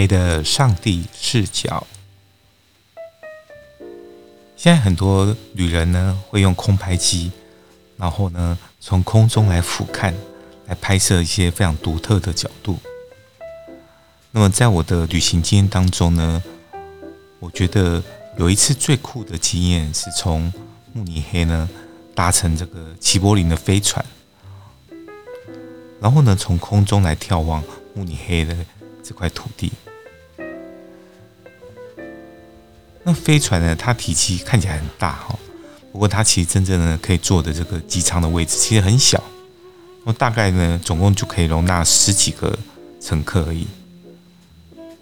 黑的上帝視角。現在很多旅人呢，會用空拍機，然後呢，從空中來俯瞰，來拍攝一些非常獨特的角度。那麼在我的旅行經驗當中呢，我覺得有一次最酷的經驗是從慕尼黑呢，搭乘這個齊柏林的飛船，然後呢，從空中來眺望慕尼黑的。這塊土地。那飛船呢，它體積看起來很大哈、哦，不過它其實真正呢，可以坐的這個機艙的位置其實很小，那大概呢總共就可以容納十幾個乘客而已。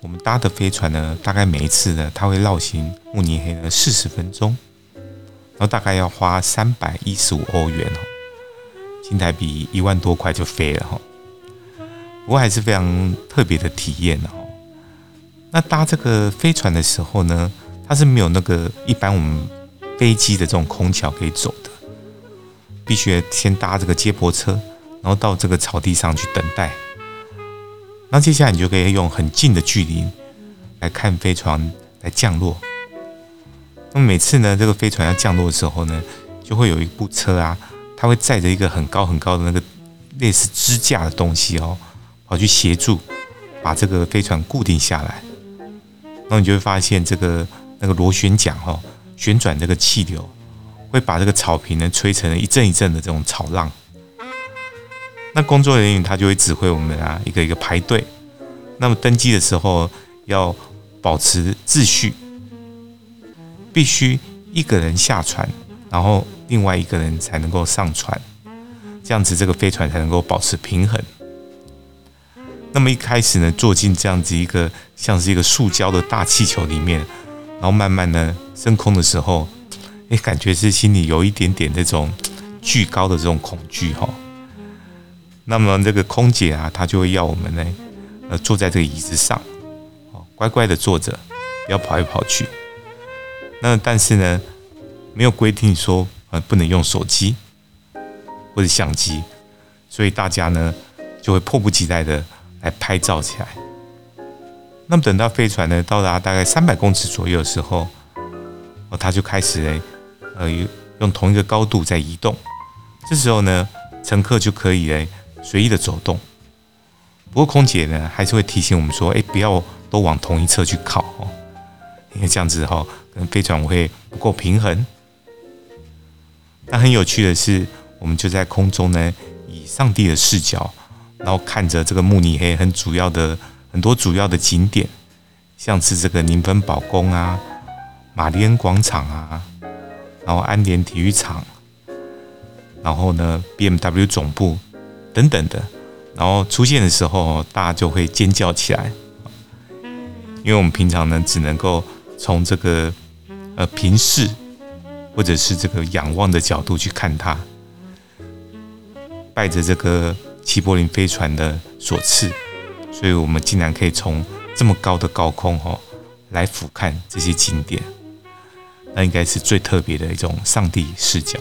我們搭的飛船呢，大概每一次呢，它會繞行慕尼黑呢四十分鐘，然後大概要花三百一十五歐元哦，新台幣一萬多塊就飛了哈、哦。我還是非常特別的體驗哦。那搭這個飛船的時候呢，它是沒有那個一般我們飛機的這種空橋可以走的，必須先搭這個接駁車，然後到這個草地上去等待。那接下來你就可以用很近的距離來看飛船來降落。那麼每次呢，這個飛船要降落的時候呢，就會有一部車啊，它會載着一個很高很高的那個類似支架的東西哦。好去，去協助把這個飛船固定下來，那你就會發現這個那個螺旋槳哦，旋轉這個氣流，會把這個草坪呢吹成了一陣一陣的這種草浪。那工作人員他就會指揮我們啊，一個一個排隊。那麼登機的時候要保持秩序，必須一個人下船，然後另外一個人才能夠上船，這樣子這個飛船才能夠保持平衡。那麼一開始呢，坐進這樣子一個像是一個塑膠的大氣球裡面，然後慢慢呢升空的時候，誒，感覺是心裡有一點點這種懼高的這種恐懼哈、哦。那麼這個空姐啊，她就會要我們呢，呃，坐在這個椅子上，乖乖地坐着，不要跑來跑去。那但是呢，沒有規定說呃不能用手機或者相機，所以大家呢就會迫不及待地。來拍照起來。那麼等到飛船呢到達大概三百公尺左右的時候，哦，它就開始誒呃，用同一個高度在移動。這時候呢，乘客就可以誒隨意的走動。不過空姐呢還是會提醒我們說，誒，不要都往同一側去靠哦，因為這樣子哈、哦，可能飛船會不夠平衡。那很有趣的是，我們就在空中呢，以上帝的視角。然後看着這個慕尼黑很主要的、很多主要的景點，像是這個寧芬堡宮啊、瑪麗恩廣場啊，然後安聯體育場，然後呢，BMW 總部等等的。然後出現的時候，大家就會尖叫起來，因為我們平常呢只能夠從這個呃平視或者是這個仰望的角度去看它，帶着這個。齊柏林飛船的所賜，所以我們竟然可以從這麼高的高空哈、哦、來俯瞰這些景點，那應該是最特別的一種上帝視角。